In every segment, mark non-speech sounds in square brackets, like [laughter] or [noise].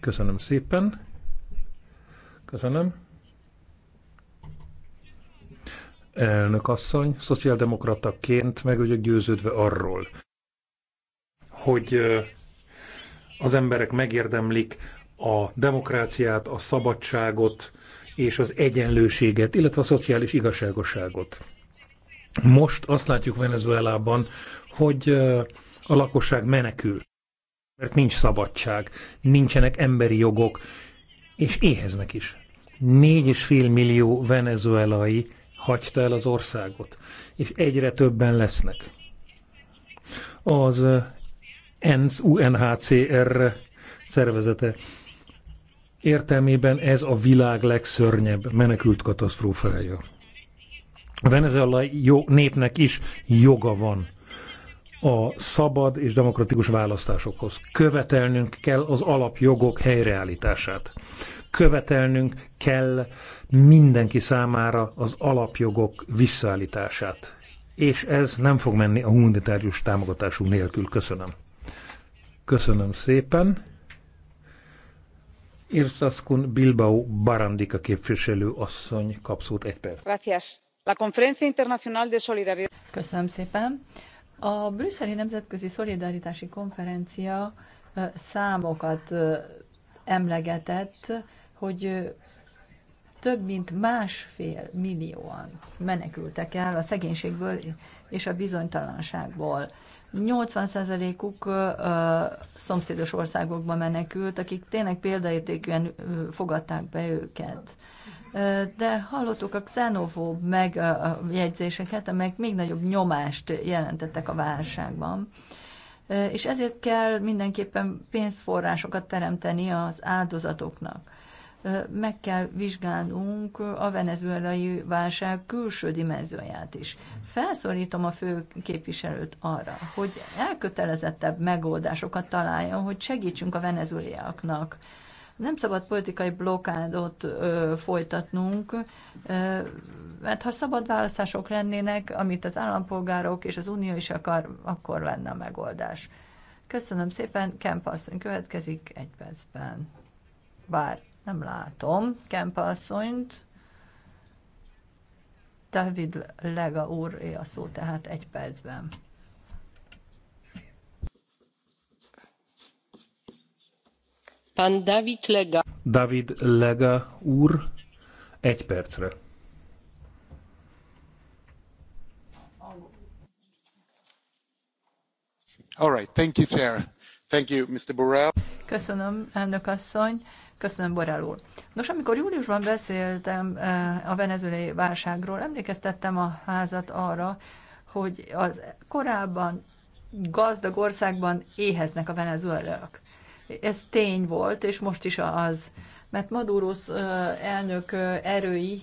Köszönöm szépen. Köszönöm. Elnök asszony, szociáldemokrataként meg vagyok győződve arról, hogy az emberek megérdemlik a demokráciát, a szabadságot és az egyenlőséget, illetve a szociális igazságosságot. Most azt látjuk Venezuelában, hogy a lakosság menekül mert nincs szabadság, nincsenek emberi jogok, és éheznek is. fél millió venezuelai hagyta el az országot, és egyre többen lesznek. Az ENSZ UNHCR szervezete értelmében ez a világ legszörnyebb menekült katasztrófája. A venezuelai népnek is joga van a szabad és demokratikus választásokhoz. Követelnünk kell az alapjogok helyreállítását. Követelnünk kell mindenki számára az alapjogok visszaállítását. És ez nem fog menni a humanitárius támogatásunk nélkül. Köszönöm. Köszönöm szépen. Irszaszkun Bilbao Barandika képviselő asszony kapszót egy perc. Gracias. La Conferencia Internacional de Solidaridad. Köszönöm szépen. A brüsszeli nemzetközi szolidaritási konferencia számokat emlegetett, hogy több mint másfél millióan menekültek el a szegénységből és a bizonytalanságból. 80%-uk szomszédos országokba menekült, akik tényleg példaértékűen fogadták be őket de hallottuk a xenofób megjegyzéseket, amelyek még nagyobb nyomást jelentettek a válságban. És ezért kell mindenképpen pénzforrásokat teremteni az áldozatoknak. Meg kell vizsgálnunk a venezuelai válság külső dimenzióját is. Felszólítom a fő képviselőt arra, hogy elkötelezettebb megoldásokat találjon, hogy segítsünk a venezueliaknak nem szabad politikai blokádot ö, folytatnunk, ö, mert ha szabad választások lennének, amit az állampolgárok és az Unió is akar, akkor lenne a megoldás. Köszönöm szépen, Kemp asszony következik egy percben. Bár nem látom Kemp asszonyt. David Lega úr a szó tehát egy percben. Pan David Lega. David Lega úr, egy percre. All right, thank you, Chair. Thank you, Mr. Borrell. Köszönöm, elnök asszony. Köszönöm, Borrell úr. Nos, amikor júliusban beszéltem eh, a venezuelai válságról, emlékeztettem a házat arra, hogy az korábban gazdag országban éheznek a venezuelaiak ez tény volt, és most is az mert Maduros elnök erői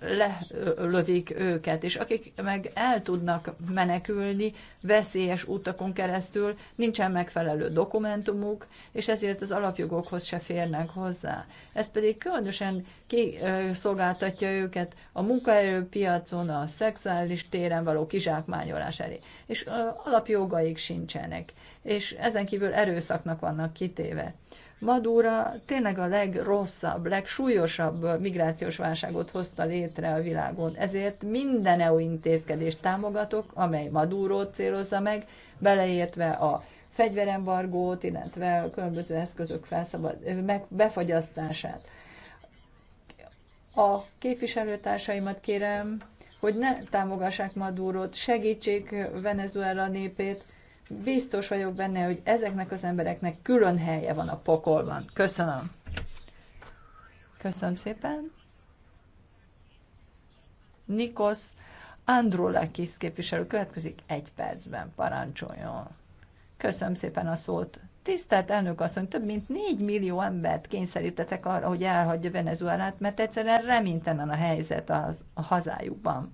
lelövik őket, és akik meg el tudnak menekülni veszélyes utakon keresztül, nincsen megfelelő dokumentumuk, és ezért az alapjogokhoz se férnek hozzá. Ez pedig különösen kiszolgáltatja őket a munkaerőpiacon, a szexuális téren való kizsákmányolás elé, és alapjogaik sincsenek, és ezen kívül erőszaknak vannak kitéve. Madura tényleg a legrosszabb, legsúlyosabb migrációs válságot hozta létre a világon. Ezért minden EU intézkedést támogatok, amely Madurót célozza meg, beleértve a fegyverembargót, illetve a különböző eszközök felszabad, meg, befagyasztását. A képviselőtársaimat kérem, hogy ne támogassák Madurót, segítsék Venezuela népét, Biztos vagyok benne, hogy ezeknek az embereknek külön helye van a pokolban. Köszönöm. Köszönöm szépen. Nikos Andrulakis képviselő következik egy percben, parancsoljon. Köszönöm szépen a szót. Tisztelt elnök asszony, több mint 4 millió embert kényszerítetek arra, hogy elhagyja Venezuelát, mert egyszerűen reménytelen a helyzet az, a hazájukban.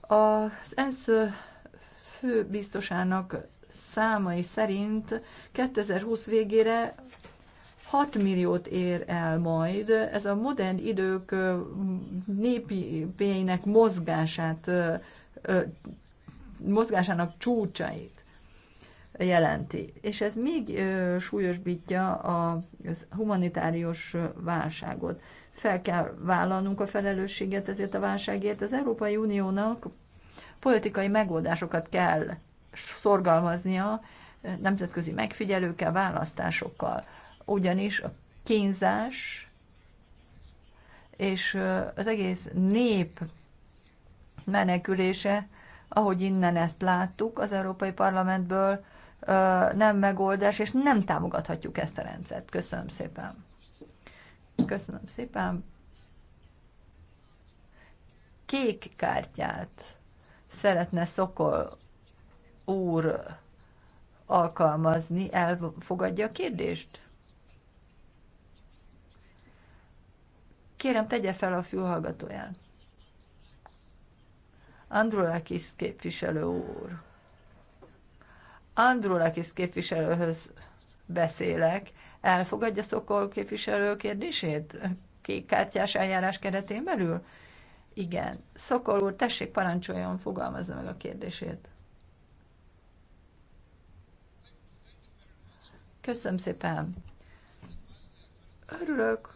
Az ENSZ főbiztosának számai szerint 2020 végére 6 milliót ér el majd. Ez a modern idők népének mozgását, mozgásának csúcsait jelenti. És ez még súlyosbítja a humanitárius válságot. Fel kell vállalnunk a felelősséget ezért a válságért. Az Európai Uniónak politikai megoldásokat kell szorgalmaznia nemzetközi megfigyelőkkel, választásokkal. Ugyanis a kínzás és az egész nép menekülése, ahogy innen ezt láttuk az Európai Parlamentből, nem megoldás, és nem támogathatjuk ezt a rendszert. Köszönöm szépen. Köszönöm szépen. Kék kártyát szeretne Szokol úr alkalmazni, elfogadja a kérdést? Kérem, tegye fel a fülhallgatóját. Andrulakis képviselő úr. Andrulakis képviselőhöz beszélek. Elfogadja Szokol képviselő kérdését? kártyás eljárás keretén belül? Igen. Szokol úr, tessék, parancsoljon, fogalmazza meg a kérdését. Köszönöm szépen. Örülök,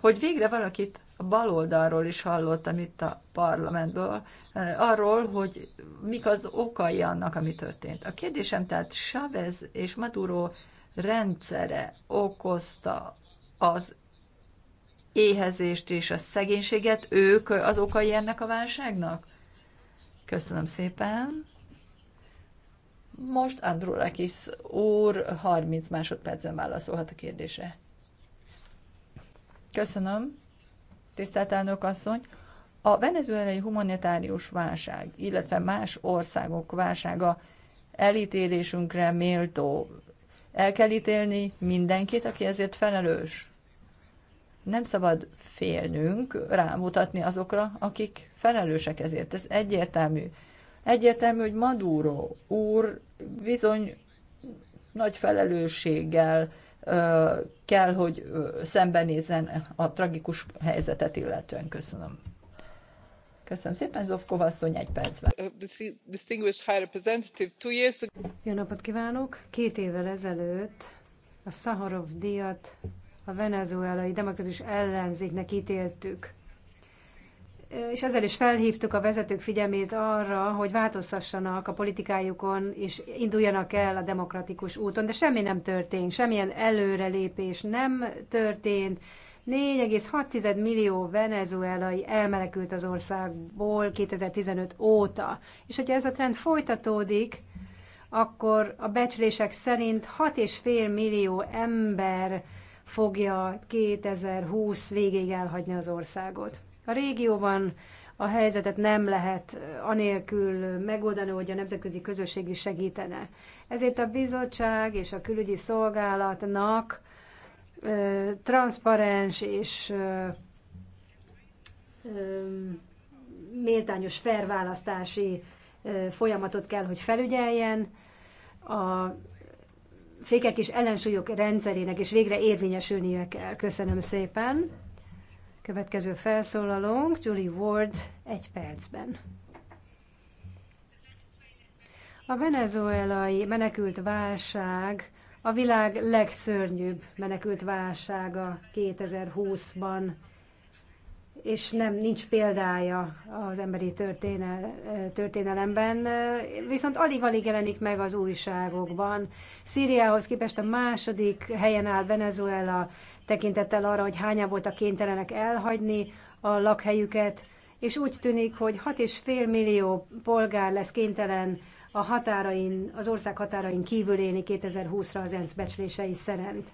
hogy végre valakit a baloldalról is hallottam itt a parlamentből, eh, arról, hogy mik az okai annak, ami történt. A kérdésem tehát Chavez és Maduro rendszere okozta az éhezést és a szegénységet, ők az okai ennek a válságnak? Köszönöm szépen. Most Andrulakis úr 30 másodpercben válaszolhat a kérdésre. Köszönöm, tisztelt elnök asszony. A venezuelai humanitárius válság, illetve más országok válsága elítélésünkre méltó. El kell ítélni mindenkit, aki ezért felelős nem szabad félnünk rámutatni azokra, akik felelősek ezért. Ez egyértelmű. Egyértelmű, hogy Maduro úr bizony nagy felelősséggel ö, kell, hogy ö, szembenézzen a tragikus helyzetet illetően. Köszönöm. Köszönöm szépen, Zovkov asszony, egy percben. Jó napot kívánok! Két évvel ezelőtt a Szaharov díjat a venezuelai demokratikus ellenzéknek ítéltük. És ezzel is felhívtuk a vezetők figyelmét arra, hogy változtassanak a politikájukon, és induljanak el a demokratikus úton, de semmi nem történt, semmilyen előrelépés nem történt. 4,6 millió venezuelai elmenekült az országból 2015 óta. És hogyha ez a trend folytatódik, akkor a becslések szerint 6,5 millió ember fogja 2020 végéig elhagyni az országot. A régióban a helyzetet nem lehet anélkül megoldani, hogy a nemzetközi közösség is segítene. Ezért a bizottság és a külügyi szolgálatnak transzparens és méltányos felválasztási folyamatot kell, hogy felügyeljen. A fékek és ellensúlyok rendszerének és végre érvényesülnie kell. Köszönöm szépen. Következő felszólalónk Julie Ward egy percben. A venezuelai menekült válság a világ legszörnyűbb menekült válsága 2020-ban és nem nincs példája az emberi történel, történelemben, viszont alig-alig jelenik meg az újságokban. Szíriához képest a második helyen áll Venezuela, tekintettel arra, hogy hányan voltak kénytelenek elhagyni a lakhelyüket, és úgy tűnik, hogy 6,5 millió polgár lesz kénytelen a határain, az ország határain kívül élni 2020-ra az ENSZ becslései szerint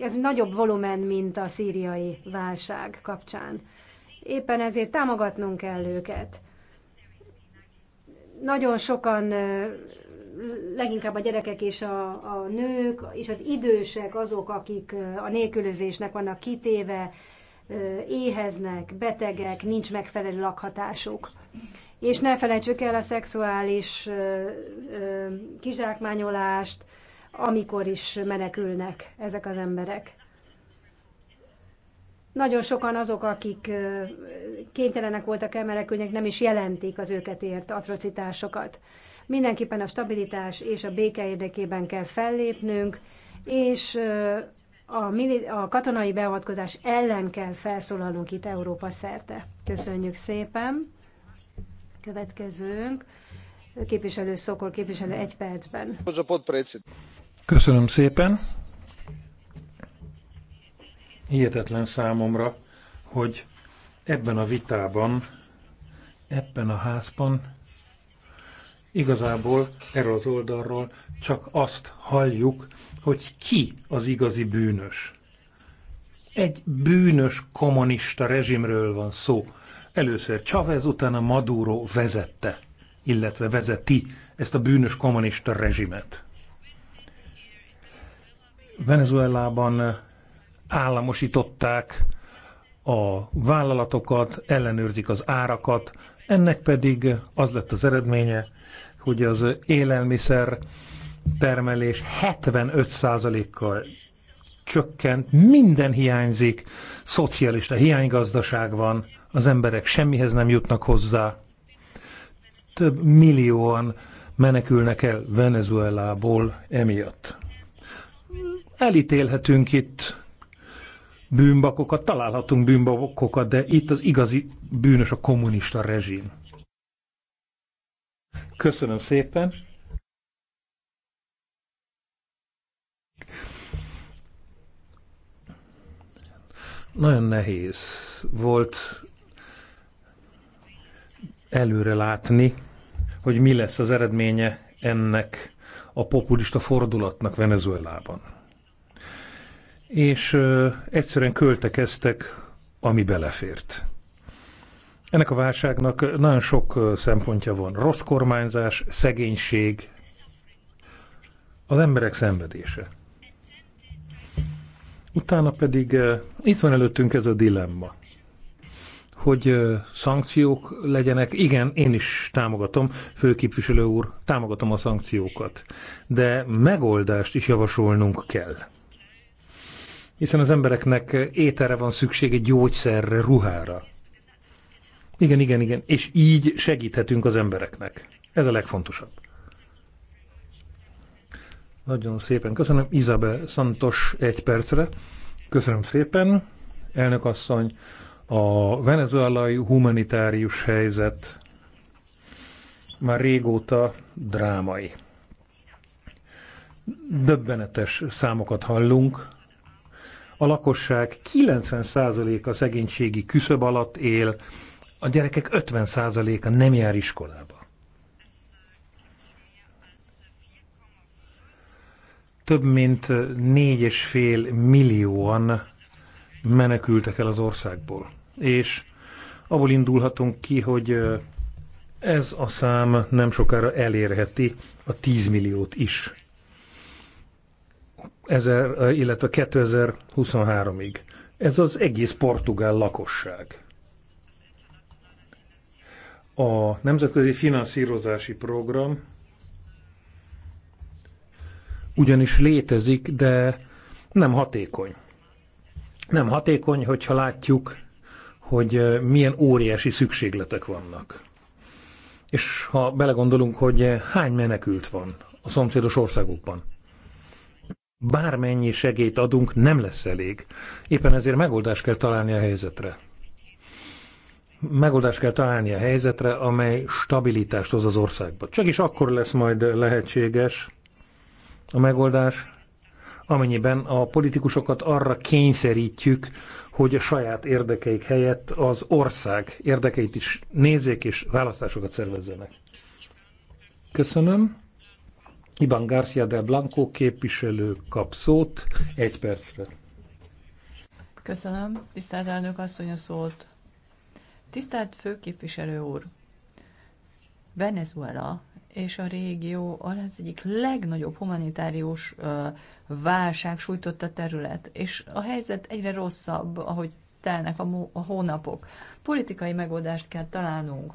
ez nagyobb volumen, mint a szíriai válság kapcsán. Éppen ezért támogatnunk kell őket. Nagyon sokan, leginkább a gyerekek és a, a nők, és az idősek azok, akik a nélkülözésnek vannak kitéve, éheznek, betegek, nincs megfelelő lakhatásuk. És ne felejtsük el a szexuális kizsákmányolást, amikor is menekülnek ezek az emberek. Nagyon sokan azok, akik kénytelenek voltak elmenekülni, nem is jelentik az őket ért atrocitásokat. Mindenképpen a stabilitás és a béke érdekében kell fellépnünk, és a, katonai beavatkozás ellen kell felszólalnunk itt Európa szerte. Köszönjük szépen. Következőnk. Képviselő Szokol, képviselő egy percben. Köszönöm szépen. Hihetetlen számomra, hogy ebben a vitában, ebben a házban igazából erről az oldalról csak azt halljuk, hogy ki az igazi bűnös. Egy bűnös kommunista rezsimről van szó. Először Chavez, utána Maduro vezette, illetve vezeti ezt a bűnös kommunista rezsimet. Venezuelában eh, államosították a vállalatokat, ellenőrzik az árakat, ennek pedig eh, az lett az eredménye, hogy az élelmiszer termelés 75%-kal csökkent, minden hiányzik, szocialista hiánygazdaság van, az emberek semmihez nem jutnak hozzá. Több millióan menekülnek el Venezuelából emiatt elítélhetünk itt bűnbakokat, találhatunk bűnbakokat, de itt az igazi bűnös a kommunista rezsim. Köszönöm szépen. Nagyon nehéz volt előre látni, hogy mi lesz az eredménye ennek a populista fordulatnak Venezuelában és egyszerűen költekeztek, ami belefért. Ennek a válságnak nagyon sok szempontja van. Rossz kormányzás, szegénység, az emberek szenvedése. Utána pedig itt van előttünk ez a dilemma, hogy szankciók legyenek. Igen, én is támogatom, főképviselő úr, támogatom a szankciókat, de megoldást is javasolnunk kell. Hiszen az embereknek ételre van szüksége, gyógyszerre, ruhára. Igen, igen, igen. És így segíthetünk az embereknek. Ez a legfontosabb. Nagyon szépen köszönöm. Izabe Santos egy percre. Köszönöm szépen. Elnök asszony, a venezuelai humanitárius helyzet már régóta drámai. Döbbenetes számokat hallunk a lakosság 90%-a szegénységi küszöb alatt él, a gyerekek 50%-a nem jár iskolába. Több mint 4,5 millióan menekültek el az országból. És abból indulhatunk ki, hogy ez a szám nem sokára elérheti a 10 milliót is ezer, illetve 2023-ig. Ez az egész portugál lakosság. A Nemzetközi Finanszírozási Program ugyanis létezik, de nem hatékony. Nem hatékony, hogyha látjuk, hogy milyen óriási szükségletek vannak. És ha belegondolunk, hogy hány menekült van a szomszédos országokban bármennyi segélyt adunk, nem lesz elég. Éppen ezért megoldást kell találni a helyzetre. Megoldást kell találni a helyzetre, amely stabilitást hoz az országba. Csak is akkor lesz majd lehetséges a megoldás, amennyiben a politikusokat arra kényszerítjük, hogy a saját érdekeik helyett az ország érdekeit is nézzék és választásokat szervezzenek. Köszönöm. Iban García de Blanco képviselő kap szót egy percre. Köszönöm, tisztelt elnök asszony a szót. Tisztelt főképviselő úr, Venezuela és a régió az egyik legnagyobb humanitárius válság sújtotta terület, és a helyzet egyre rosszabb, ahogy telnek a, a hónapok. Politikai megoldást kell találnunk.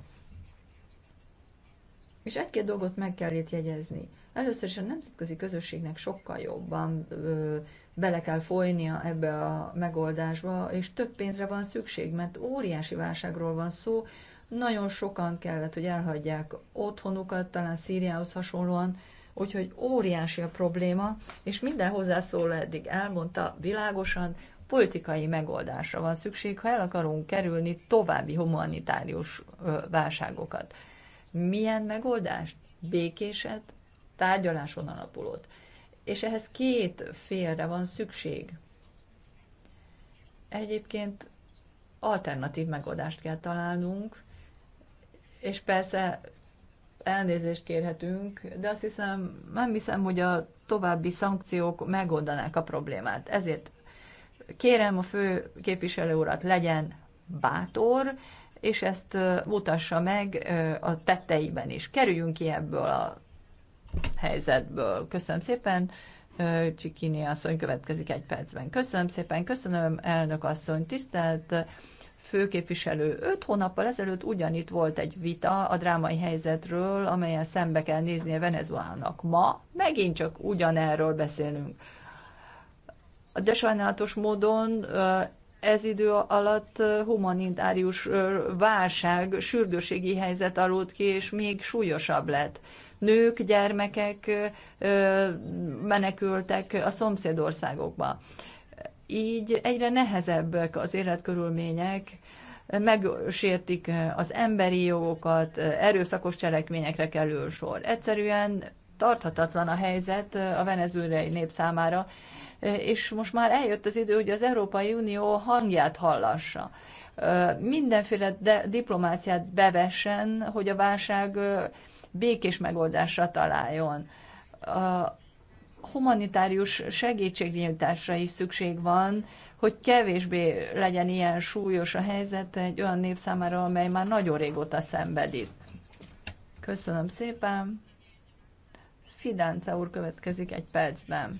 És egy-két dolgot meg kell itt jegyezni. Először is a nemzetközi közösségnek sokkal jobban ö, bele kell folynia ebbe a megoldásba, és több pénzre van szükség, mert óriási válságról van szó. Nagyon sokan kellett, hogy elhagyják otthonukat, talán Szíriához hasonlóan, úgyhogy óriási a probléma, és minden hozzászóló eddig elmondta világosan, politikai megoldásra van szükség, ha el akarunk kerülni további humanitárius válságokat. Milyen megoldást? Békéset, tárgyaláson alapulót. És ehhez két félre van szükség. Egyébként alternatív megoldást kell találnunk, és persze elnézést kérhetünk, de azt hiszem, nem hiszem, hogy a további szankciók megoldanák a problémát. Ezért kérem a fő képviselő urat, legyen bátor, és ezt mutassa meg a tetteiben is. Kerüljünk ki ebből a helyzetből. Köszönöm szépen. Csikini asszony következik egy percben. Köszönöm szépen, köszönöm elnök asszony, tisztelt főképviselő. Öt hónappal ezelőtt ugyanitt volt egy vita a drámai helyzetről, amelyen szembe kell néznie Venezuelának. Ma megint csak ugyanerről beszélünk. De sajnálatos módon ez idő alatt humanitárius válság, sürgőségi helyzet alult ki, és még súlyosabb lett nők, gyermekek menekültek a szomszédországokba. Így egyre nehezebbek az életkörülmények, megsértik az emberi jogokat, erőszakos cselekményekre kerül sor. Egyszerűen tarthatatlan a helyzet a venezuelai nép számára, és most már eljött az idő, hogy az Európai Unió hangját hallassa. Mindenféle diplomáciát bevessen, hogy a válság békés megoldásra találjon. A humanitárius segítségnyújtásra is szükség van, hogy kevésbé legyen ilyen súlyos a helyzet egy olyan nép számára, amely már nagyon régóta szenvedi. Köszönöm szépen. Fidánca úr következik egy percben.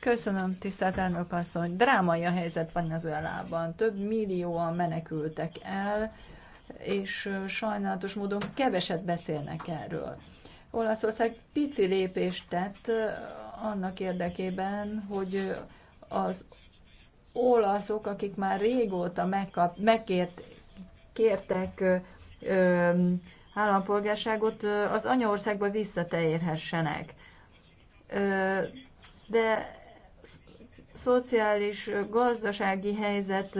Köszönöm, tisztelt elnök asszony. Drámai a helyzet van Venezuelában. Több millióan menekültek el, és sajnálatos módon keveset beszélnek erről. Olaszország pici lépést tett annak érdekében, hogy az olaszok, akik már régóta megkap, megkért, kértek ö, állampolgárságot, az anyaországba visszatérhessenek. de szociális, gazdasági helyzet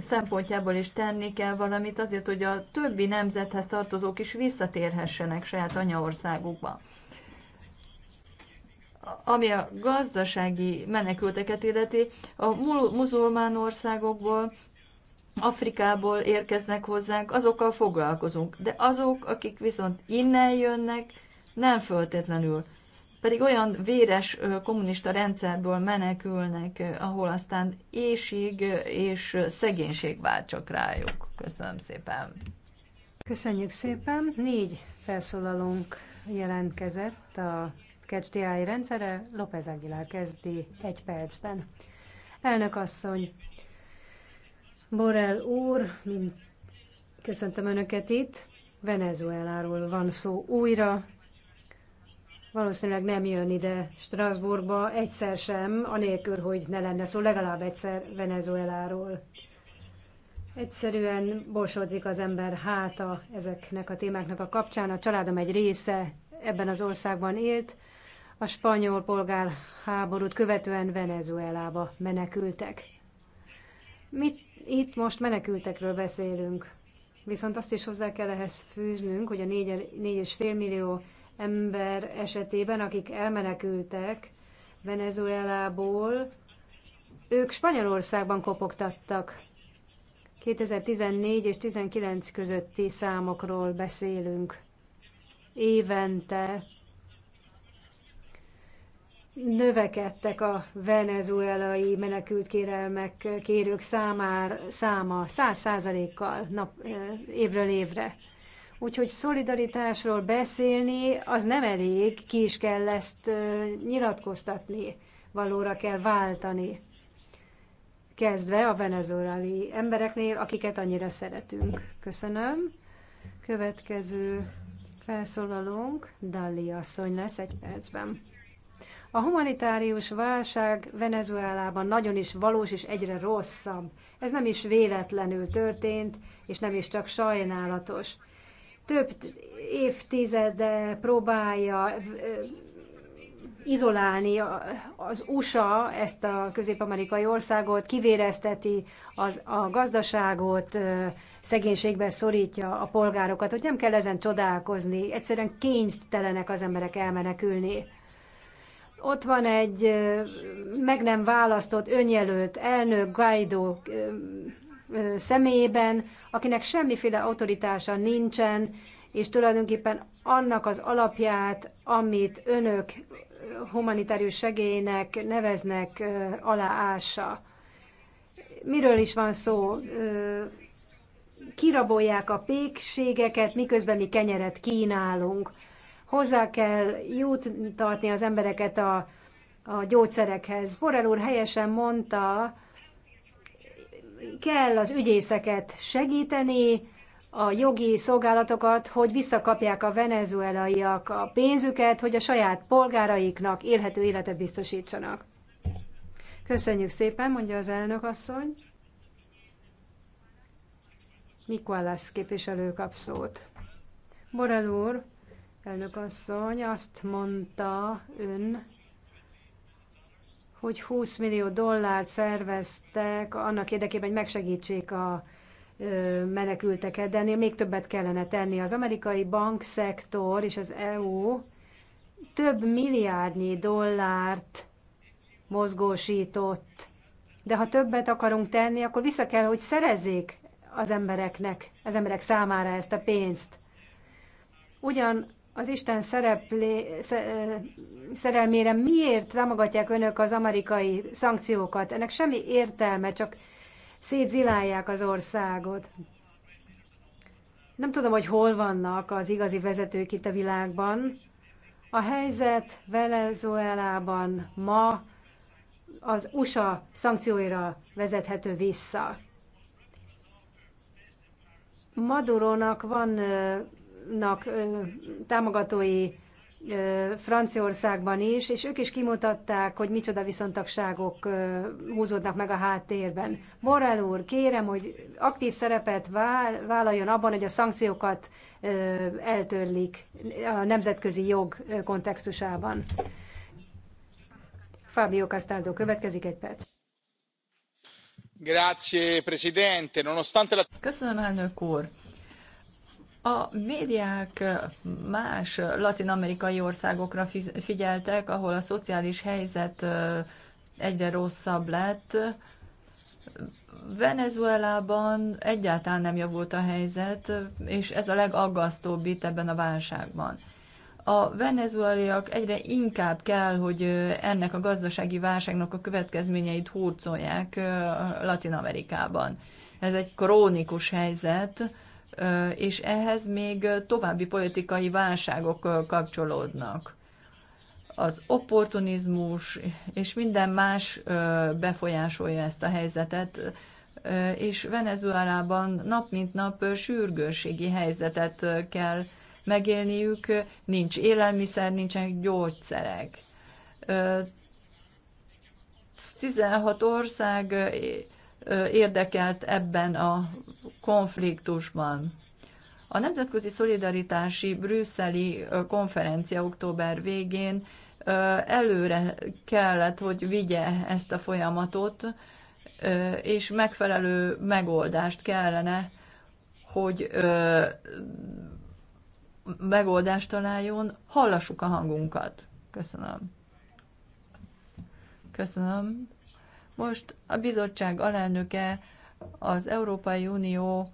szempontjából is tenni kell valamit azért, hogy a többi nemzethez tartozók is visszatérhessenek saját anyaországukba. Ami a gazdasági menekülteket illeti, a muzulmán országokból, Afrikából érkeznek hozzánk, azokkal foglalkozunk, de azok, akik viszont innen jönnek, nem föltétlenül pedig olyan véres kommunista rendszerből menekülnek, ahol aztán éjség és szegénység vált csak rájuk. Köszönöm szépen. Köszönjük szépen. Négy felszólalónk jelentkezett a KCDI rendszere. López Aguilar kezdi egy percben. Elnök asszony, Borel úr, mint köszöntöm Önöket itt. Venezueláról van szó újra, valószínűleg nem jön ide Strasbourgba egyszer sem, anélkül, hogy ne lenne szó legalább egyszer Venezueláról. Egyszerűen borsodzik az ember háta ezeknek a témáknak a kapcsán. A családom egy része ebben az országban élt, a spanyol polgárháborút követően Venezuelába menekültek. Mit itt most menekültekről beszélünk, viszont azt is hozzá kell ehhez fűznünk, hogy a 4,5 millió ember esetében, akik elmenekültek Venezuelából, ők Spanyolországban kopogtattak. 2014 és 19 közötti számokról beszélünk. Évente növekedtek a venezuelai menekültkérelmek kérők számára, száma száz százalékkal évről évre. Úgyhogy szolidaritásról beszélni az nem elég, ki is kell ezt nyilatkoztatni, valóra kell váltani. Kezdve a venezuelai embereknél, akiket annyira szeretünk. Köszönöm. Következő felszólalónk Dalli asszony lesz egy percben. A humanitárius válság Venezuelában nagyon is valós és egyre rosszabb. Ez nem is véletlenül történt, és nem is csak sajnálatos több évtizede próbálja izolálni az USA ezt a közép-amerikai országot, kivérezteti az, a gazdaságot, szegénységbe szorítja a polgárokat, hogy nem kell ezen csodálkozni, egyszerűen kénytelenek az emberek elmenekülni. Ott van egy meg nem választott önjelölt elnök, Guaido személyében, akinek semmiféle autoritása nincsen, és tulajdonképpen annak az alapját, amit önök humanitárius segélynek neveznek aláása. Miről is van szó? Kirabolják a pékségeket, miközben mi kenyeret kínálunk. Hozzá kell juttatni az embereket a, a gyógyszerekhez. Borrell úr helyesen mondta, kell az ügyészeket segíteni, a jogi szolgálatokat, hogy visszakapják a venezuelaiak a pénzüket, hogy a saját polgáraiknak élhető életet biztosítsanak. Köszönjük szépen, mondja az elnök asszony. Mikuálász képviselő kap szót. Borel úr, elnök asszony, azt mondta ön, hogy 20 millió dollárt szerveztek annak érdekében, hogy megsegítsék a menekülteket, de ennél még többet kellene tenni. Az amerikai bankszektor és az EU több milliárdnyi dollárt mozgósított. De ha többet akarunk tenni, akkor vissza kell, hogy szerezzék az embereknek, az emberek számára ezt a pénzt. Ugyan az Isten szereplé, szerelmére miért támogatják önök az amerikai szankciókat? Ennek semmi értelme, csak szétzilálják az országot. Nem tudom, hogy hol vannak az igazi vezetők itt a világban. A helyzet Venezuelában ma az USA szankcióira vezethető vissza. Madurónak van nak támogatói Franciaországban is, és ők is kimutatták, hogy micsoda viszontagságok húzódnak meg a háttérben. Borrell úr, kérem, hogy aktív szerepet vállaljon abban, hogy a szankciókat eltörlik a nemzetközi jog kontextusában. Fábio Castaldo következik egy perc. Grazie, Presidente. Nonostante la... Köszönöm, elnök úr a médiák más latin-amerikai országokra figyeltek, ahol a szociális helyzet egyre rosszabb lett. Venezuelában egyáltalán nem javult a helyzet, és ez a legaggasztóbb itt ebben a válságban. A venezueliak egyre inkább kell, hogy ennek a gazdasági válságnak a következményeit hurcolják Latin-Amerikában. Ez egy krónikus helyzet, és ehhez még további politikai válságok kapcsolódnak. Az opportunizmus és minden más befolyásolja ezt a helyzetet, és Venezuelában nap mint nap sürgősségi helyzetet kell megélniük, nincs élelmiszer, nincsenek gyógyszerek. 16 ország érdekelt ebben a konfliktusban. A Nemzetközi Szolidaritási Brüsszeli konferencia október végén előre kellett, hogy vigye ezt a folyamatot, és megfelelő megoldást kellene, hogy megoldást találjon, hallassuk a hangunkat. Köszönöm. Köszönöm. Most a bizottság alelnöke az Európai Unió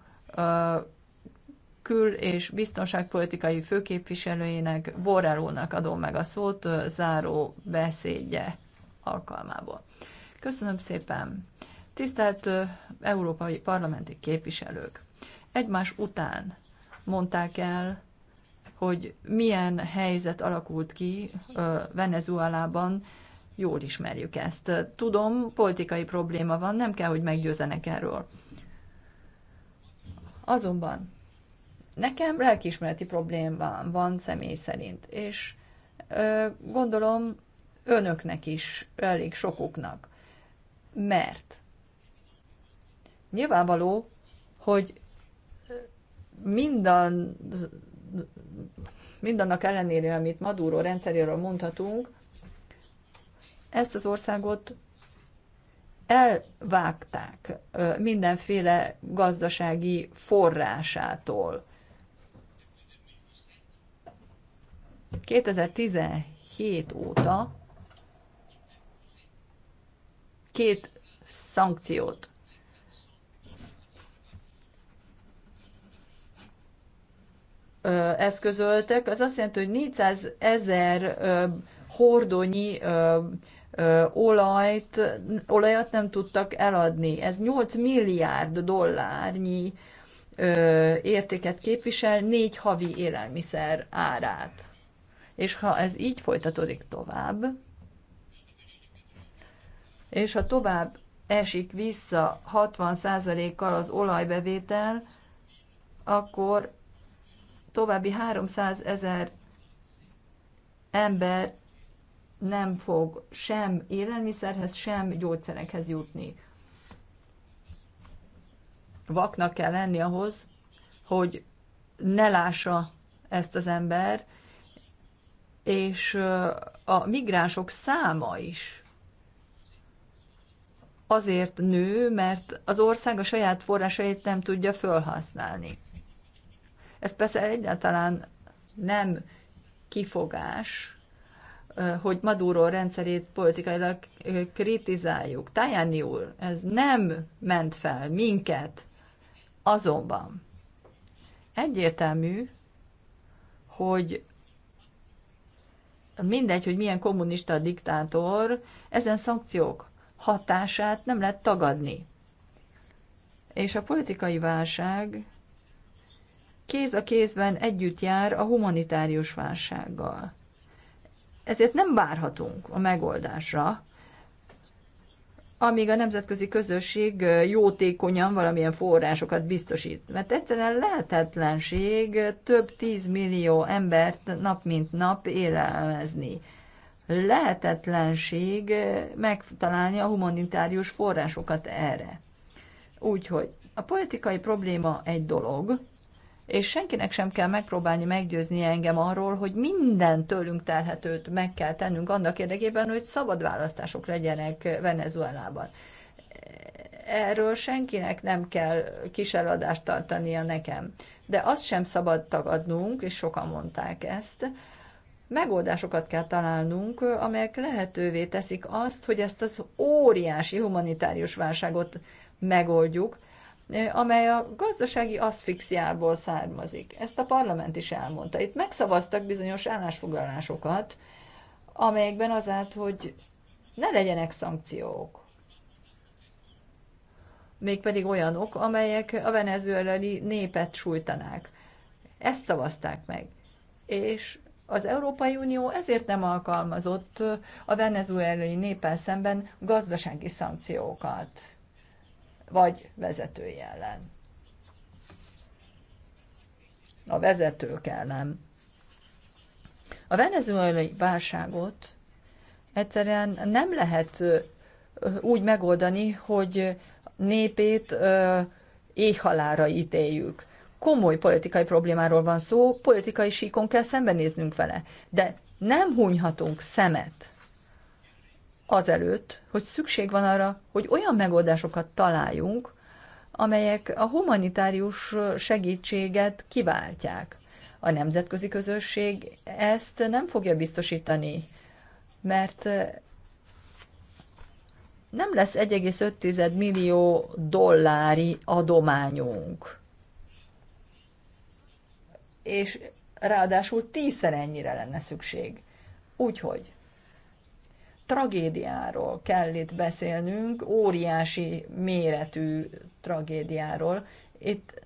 kül- és biztonságpolitikai főképviselőjének, Borrelónak adom meg a szót záró beszédje alkalmából. Köszönöm szépen! Tisztelt európai parlamenti képviselők! Egymás után mondták el, hogy milyen helyzet alakult ki Venezuelában, Jól ismerjük ezt. Tudom, politikai probléma van, nem kell, hogy meggyőzenek erről. Azonban nekem lelkiismereti probléma van személy szerint, és ö, gondolom önöknek is, elég sokuknak. Mert nyilvánvaló, hogy minden, mindannak ellenére, amit Maduro rendszeréről mondhatunk, ezt az országot elvágták mindenféle gazdasági forrásától. 2017 óta két szankciót eszközöltek, az azt jelenti, hogy 400 ezer hordonyi olajt, olajat nem tudtak eladni. Ez 8 milliárd dollárnyi értéket képvisel, négy havi élelmiszer árát. És ha ez így folytatódik tovább, és ha tovább esik vissza 60%-kal az olajbevétel, akkor további 300 ezer ember nem fog sem élelmiszerhez, sem gyógyszerekhez jutni. Vaknak kell lenni ahhoz, hogy ne lássa ezt az ember, és a migránsok száma is azért nő, mert az ország a saját forrásait nem tudja felhasználni. Ez persze egyáltalán nem kifogás, hogy Maduro rendszerét politikailag kritizáljuk. Tajani úr, ez nem ment fel minket, azonban egyértelmű, hogy mindegy, hogy milyen kommunista diktátor, ezen szankciók hatását nem lehet tagadni. És a politikai válság kéz a kézben együtt jár a humanitárius válsággal. Ezért nem várhatunk a megoldásra, amíg a nemzetközi közösség jótékonyan valamilyen forrásokat biztosít. Mert egyszerűen lehetetlenség több tízmillió embert nap mint nap élelmezni. Lehetetlenség megtalálni a humanitárius forrásokat erre. Úgyhogy a politikai probléma egy dolog, és senkinek sem kell megpróbálni meggyőzni engem arról, hogy minden tőlünk telhetőt meg kell tennünk annak érdekében, hogy szabad választások legyenek Venezuelában. Erről senkinek nem kell kiseladást tartania nekem. De azt sem szabad tagadnunk, és sokan mondták ezt, megoldásokat kell találnunk, amelyek lehetővé teszik azt, hogy ezt az óriási humanitárius válságot megoldjuk, amely a gazdasági aszfixiából származik. Ezt a parlament is elmondta. Itt megszavaztak bizonyos állásfoglalásokat, amelyekben az állt, hogy ne legyenek szankciók. Mégpedig olyanok, amelyek a venezuelai népet sújtanák. Ezt szavazták meg. És az Európai Unió ezért nem alkalmazott a venezuelai néppel szemben gazdasági szankciókat vagy vezetői ellen. A vezetők ellen. A venezuelai válságot egyszerűen nem lehet úgy megoldani, hogy népét éhhalára ítéljük. Komoly politikai problémáról van szó, politikai síkon kell szembenéznünk vele. De nem hunyhatunk szemet azelőtt, hogy szükség van arra, hogy olyan megoldásokat találjunk, amelyek a humanitárius segítséget kiváltják. A nemzetközi közösség ezt nem fogja biztosítani, mert nem lesz 1,5 millió dollári adományunk. És ráadásul tízszer ennyire lenne szükség. Úgyhogy tragédiáról kell itt beszélnünk, óriási méretű tragédiáról. Itt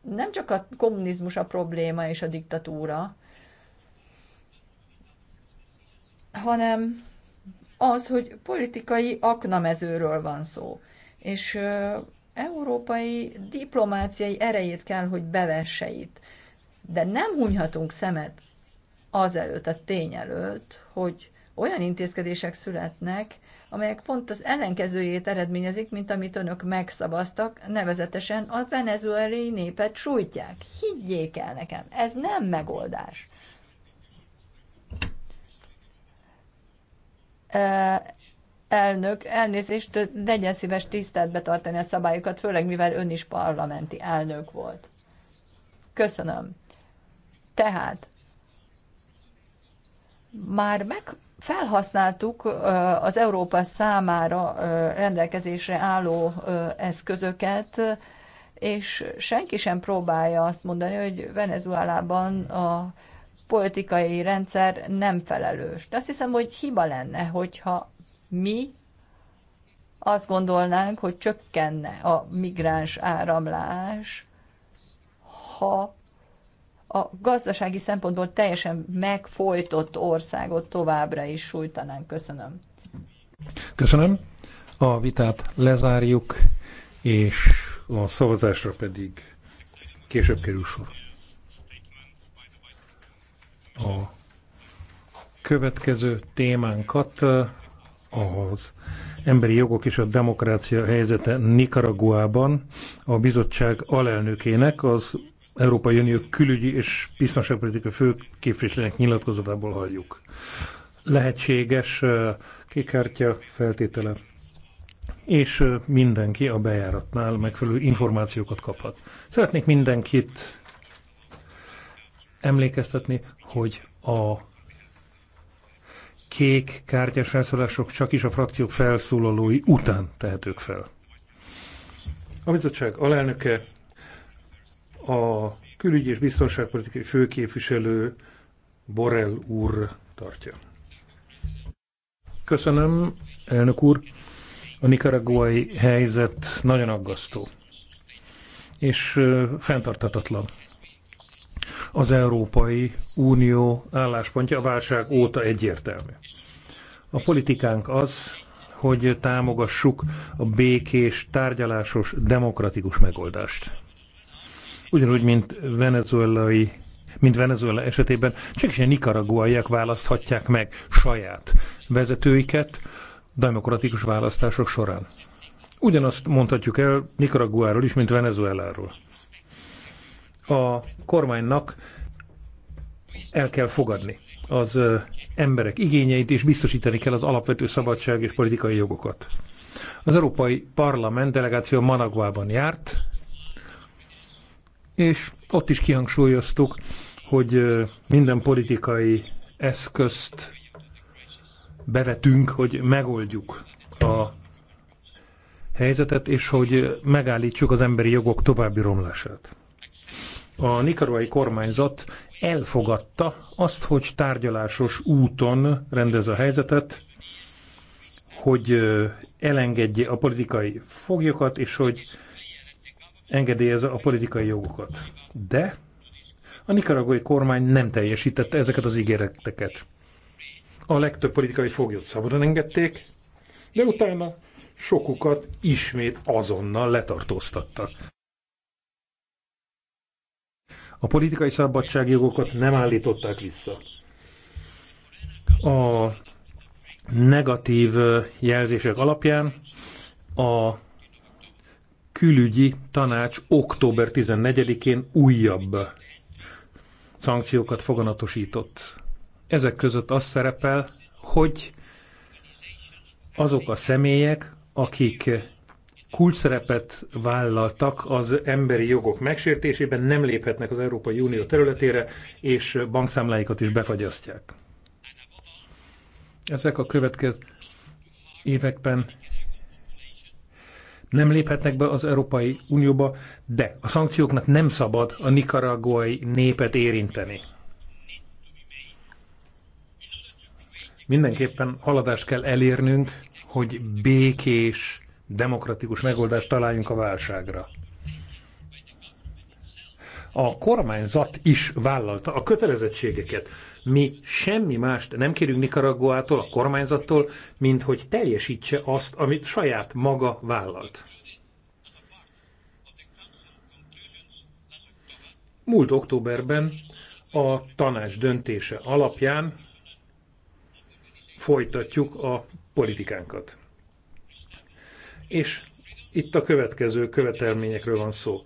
nem csak a kommunizmus a probléma és a diktatúra, hanem az, hogy politikai aknamezőről van szó. És európai diplomáciai erejét kell, hogy bevesse itt. De nem hunyhatunk szemet azelőtt, a tény előtt, hogy olyan intézkedések születnek, amelyek pont az ellenkezőjét eredményezik, mint amit önök megszavaztak, nevezetesen a venezuelai népet sújtják. Higgyék el nekem, ez nem megoldás. Elnök, elnézést, legyen szíves tiszteletbe tartani a szabályokat, főleg mivel ön is parlamenti elnök volt. Köszönöm. Tehát, már meg felhasználtuk az Európa számára rendelkezésre álló eszközöket, és senki sem próbálja azt mondani, hogy Venezuelában a politikai rendszer nem felelős. De azt hiszem, hogy hiba lenne, hogyha mi azt gondolnánk, hogy csökkenne a migráns áramlás, ha a gazdasági szempontból teljesen megfojtott országot továbbra is sújtanánk. Köszönöm. Köszönöm. A vitát lezárjuk, és a szavazásra pedig később kerül sor. A következő témánkat eh, az emberi jogok és a demokrácia helyzete Nikaraguában a bizottság alelnökének, az Európai Unió külügyi és biztonságpolitika fő képviselőnek nyilatkozatából halljuk. Lehetséges kikártya feltétele, és mindenki a bejáratnál megfelelő információkat kaphat. Szeretnék mindenkit emlékeztetni, hogy a kék kártyás felszólások csak is a frakciók felszólalói után tehetők fel. A bizottság alelnöke a külügyi és biztonságpolitikai főképviselő Borrell úr tartja. Köszönöm, elnök úr. A nikaraguai helyzet nagyon aggasztó és fenntartatatlan. Az Európai Unió álláspontja a válság óta egyértelmű. A politikánk az, hogy támogassuk a békés, tárgyalásos, demokratikus megoldást ugyanúgy, mint venezuelai mint Venezuela esetében, csak is a nikaraguaiak választhatják meg saját vezetőiket demokratikus választások során. Ugyanazt mondhatjuk el Nikaraguáról is, mint Venezueláról. A kormánynak el kell fogadni az emberek igényeit, és biztosítani kell az alapvető szabadság és politikai jogokat. Az Európai Parlament delegáció Managuában járt, és ott is kihangsúlyoztuk, hogy minden politikai eszközt bevetünk, hogy megoldjuk a helyzetet, és hogy megállítsuk az emberi jogok további romlását. A nikaruai kormányzat elfogadta azt, hogy tárgyalásos úton rendez a helyzetet, hogy elengedje a politikai foglyokat, és hogy engedélyez a politikai jogokat. De a nikaragói kormány nem teljesítette ezeket az ígéreteket. A legtöbb politikai foglyot szabadon engedték, de utána sokukat ismét azonnal letartóztattak. A politikai szabadságjogokat nem állították vissza. A negatív jelzések alapján a külügyi tanács október 14-én újabb szankciókat foganatosított. Ezek között az szerepel, hogy azok a személyek, akik kulcsszerepet vállaltak az emberi jogok megsértésében, nem léphetnek az Európai Unió területére, és bankszámláikat is befagyasztják. Ezek a következő években nem léphetnek be az Európai Unióba, de a szankcióknak nem szabad a nikaraguai népet érinteni. Mindenképpen haladást kell elérnünk, hogy békés, demokratikus megoldást találjunk a válságra a kormányzat is vállalta a kötelezettségeket. Mi semmi mást nem kérünk Nikaraguától, a kormányzattól, mint hogy teljesítse azt, amit saját maga vállalt. Múlt októberben a tanács döntése alapján folytatjuk a politikánkat. És itt a következő követelményekről van szó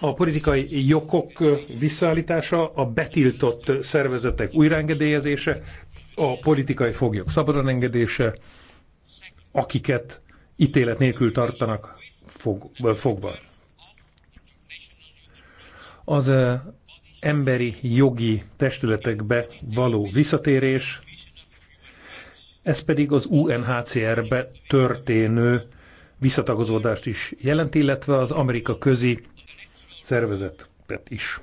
a politikai jogok visszaállítása, a betiltott szervezetek újraengedélyezése, a politikai foglyok szabadon engedése, akiket ítélet nélkül tartanak fog, fogva. Az eh, emberi jogi testületekbe való visszatérés, ez pedig az UNHCR-be történő visszatagozódást is jelent, illetve az Amerika közi szervezetet is.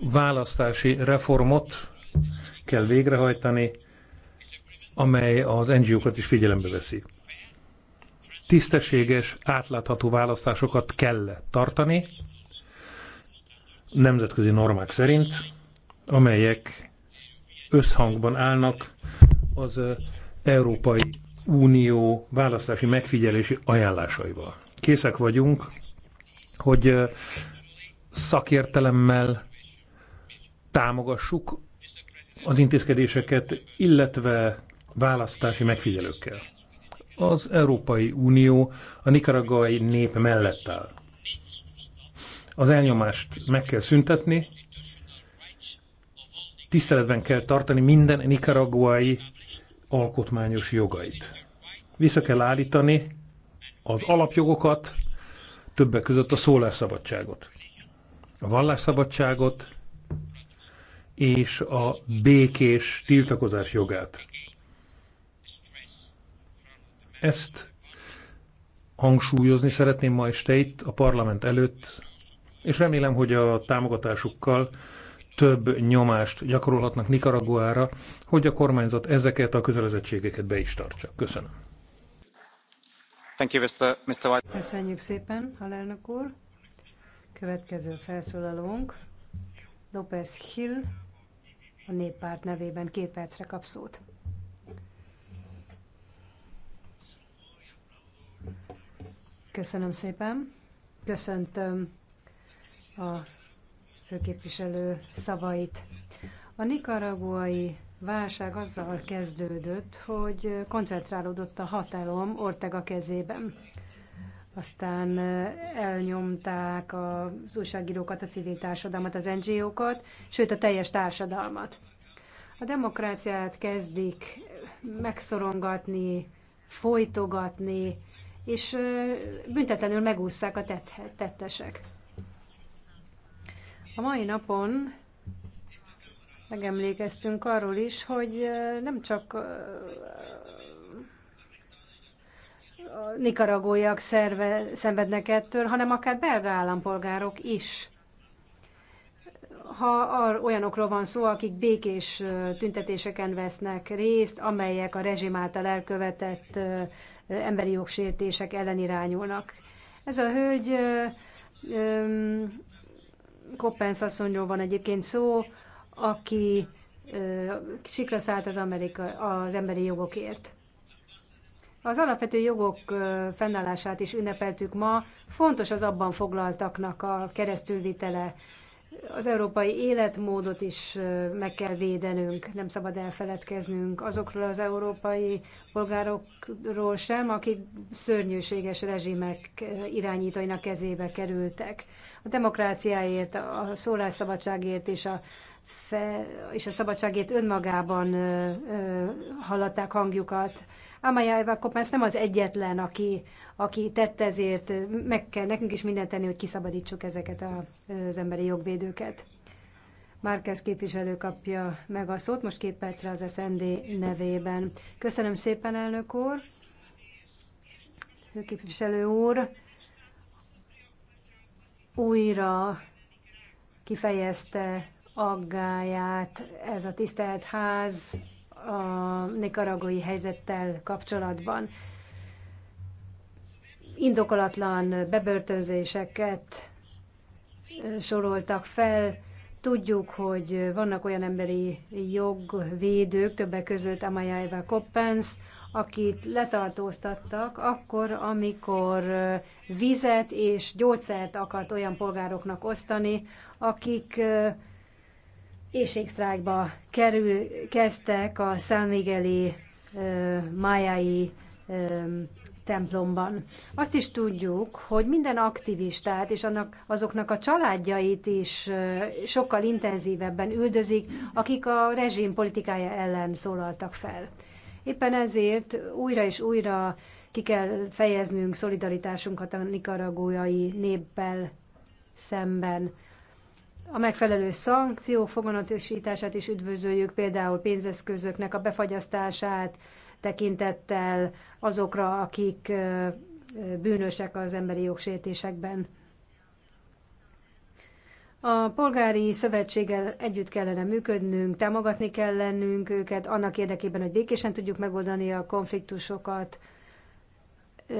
Választási reformot kell végrehajtani, amely az NGO-kat is figyelembe veszi. Tisztességes, átlátható választásokat kell tartani, nemzetközi normák szerint, amelyek összhangban állnak az Európai Unió választási megfigyelési ajánlásaival. Készek vagyunk, hogy szakértelemmel támogassuk az intézkedéseket, illetve választási megfigyelőkkel. Az Európai Unió a nikaragai nép mellett áll. Az elnyomást meg kell szüntetni, tiszteletben kell tartani minden nikaraguai alkotmányos jogait. Vissza kell állítani az alapjogokat, többek között a szólásszabadságot a vallásszabadságot és a békés tiltakozás jogát. Ezt hangsúlyozni szeretném ma este itt a parlament előtt, és remélem, hogy a támogatásukkal több nyomást gyakorolhatnak Nikaraguára, hogy a kormányzat ezeket a kötelezettségeket be is tartsa. Köszönöm. Thank you, Mr. Mr. Köszönjük szépen, halálnak úr. Következő felszólalónk López Hill, a néppárt nevében két percre kap szót. Köszönöm szépen. Köszöntöm a főképviselő szavait. A nikaraguai válság azzal kezdődött, hogy koncentrálódott a hatalom Ortega kezében aztán elnyomták az újságírókat, a civil társadalmat, az NGO-kat, sőt a teljes társadalmat. A demokráciát kezdik megszorongatni, folytogatni, és büntetlenül megúszták a tettesek. A mai napon megemlékeztünk arról is, hogy nem csak a nikaragóiak szerve, szenvednek ettől, hanem akár belga állampolgárok is. Ha olyanokról van szó, akik békés tüntetéseken vesznek részt, amelyek a rezsim által elkövetett emberi jogsértések ellen irányulnak. Ez a hölgy, Koppensz asszonyról van egyébként szó, aki sikra szállt az, Amerika, az emberi jogokért. Az alapvető jogok fennállását is ünnepeltük ma. Fontos az abban foglaltaknak a keresztülvitele. Az európai életmódot is meg kell védenünk, nem szabad elfeledkeznünk azokról az európai polgárokról sem, akik szörnyűséges rezsimek irányítainak kezébe kerültek. A demokráciáért, a szólásszabadságért és a fe, és a szabadságért önmagában hallatták hangjukat. Amaya Eva Kopensz nem az egyetlen, aki, aki tette ezért, meg kell nekünk is mindent tenni, hogy kiszabadítsuk ezeket a, az emberi jogvédőket. Márkez képviselő kapja meg a szót, most két percre az SND nevében. Köszönöm szépen, elnök úr. Főképviselő úr, újra kifejezte aggáját ez a tisztelt ház a nikaragói helyzettel kapcsolatban. Indokolatlan bebörtönzéseket soroltak fel. Tudjuk, hogy vannak olyan emberi jogvédők, többek között Amaya Eva Koppens, akit letartóztattak akkor, amikor vizet és gyógyszert akart olyan polgároknak osztani, akik éjségsztrájkba kerül, kezdtek a szelmigeli, Migueli májai templomban. Azt is tudjuk, hogy minden aktivistát és annak, azoknak a családjait is sokkal intenzívebben üldözik, akik a rezsim politikája ellen szólaltak fel. Éppen ezért újra és újra ki kell fejeznünk szolidaritásunkat a nikaragójai néppel szemben. A megfelelő szankció foganatosítását is üdvözöljük, például pénzeszközöknek a befagyasztását tekintettel azokra, akik bűnösek az emberi jogsértésekben. A polgári szövetséggel együtt kellene működnünk, támogatni kell lennünk őket, annak érdekében, hogy békésen tudjuk megoldani a konfliktusokat,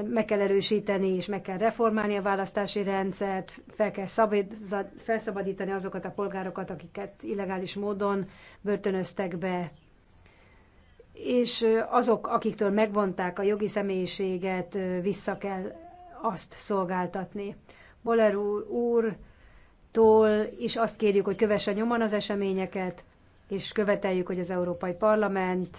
meg kell erősíteni és meg kell reformálni a választási rendszert, fel kell felszabadítani azokat a polgárokat, akiket illegális módon börtönöztek be, és azok, akiktől megvonták a jogi személyiséget, vissza kell azt szolgáltatni. Boller úr, tól is azt kérjük, hogy kövesse nyomon az eseményeket, és követeljük, hogy az Európai Parlament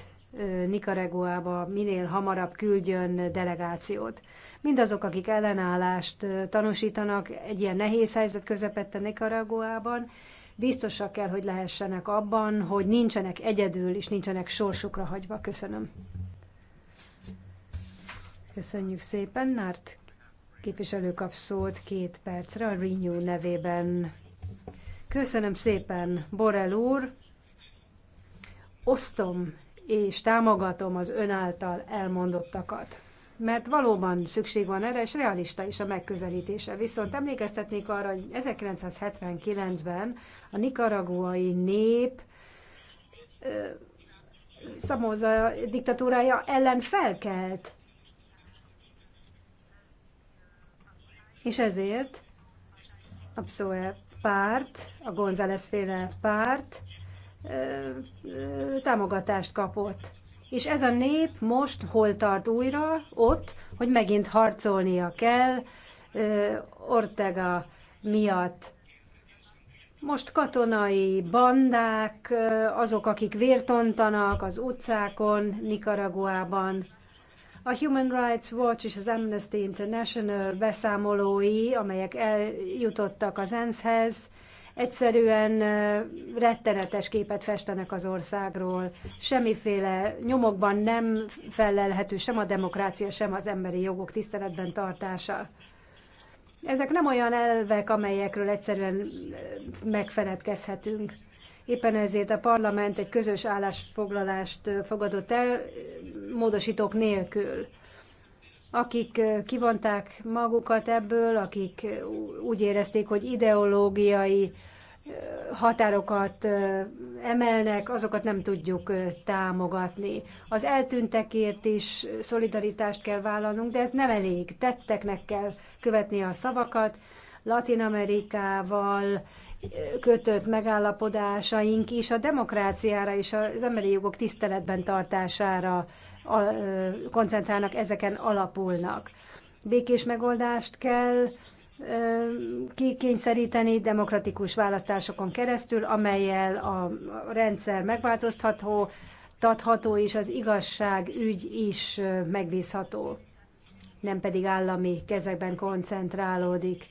Nicaraguába minél hamarabb küldjön delegációt. Mindazok, akik ellenállást tanúsítanak egy ilyen nehéz helyzet közepette Nicaraguában, biztosak kell, hogy lehessenek abban, hogy nincsenek egyedül és nincsenek sorsukra hagyva. Köszönöm. Köszönjük szépen. Nárt képviselő kap szót két percre a Renew nevében. Köszönöm szépen, Borel úr. Osztom és támogatom az ön által elmondottakat. Mert valóban szükség van erre, és realista is a megközelítése. Viszont emlékeztetnék arra, hogy 1979-ben a nikaraguai nép Szamoza diktatúrája ellen felkelt. És ezért a PSOE párt, a González féle párt támogatást kapott. És ez a nép most hol tart újra? Ott, hogy megint harcolnia kell Ortega miatt. Most katonai bandák, azok, akik vértontanak az utcákon, Nicaraguában. A Human Rights Watch és az Amnesty International beszámolói, amelyek eljutottak az ENSZ-hez, egyszerűen rettenetes képet festenek az országról. Semmiféle nyomokban nem felelhető sem a demokrácia, sem az emberi jogok tiszteletben tartása. Ezek nem olyan elvek, amelyekről egyszerűen megfeledkezhetünk. Éppen ezért a parlament egy közös állásfoglalást fogadott el módosítók nélkül akik kivonták magukat ebből, akik úgy érezték, hogy ideológiai határokat emelnek, azokat nem tudjuk támogatni. Az eltűntekért is szolidaritást kell vállalnunk, de ez nem elég. Tetteknek kell követni a szavakat. Latin Amerikával kötött megállapodásaink is a demokráciára és az emberi jogok tiszteletben tartására koncentrálnak, ezeken alapulnak. Békés megoldást kell kikényszeríteni demokratikus választásokon keresztül, amelyel a rendszer megváltoztható, tatható, és az igazság ügy is megbízható, nem pedig állami kezekben koncentrálódik.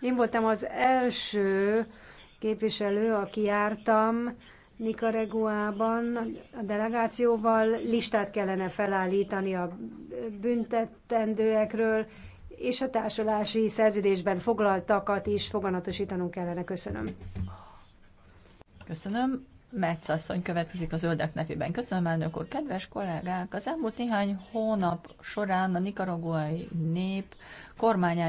Én voltam az első képviselő, aki jártam Nicaraguában a delegációval listát kellene felállítani a büntetendőekről, és a társulási szerződésben foglaltakat is foganatosítanunk kellene. Köszönöm. Köszönöm. Metsz asszony következik a zöldek nevében. Köszönöm, elnök úr. Kedves kollégák, az elmúlt néhány hónap során a nikaraguai nép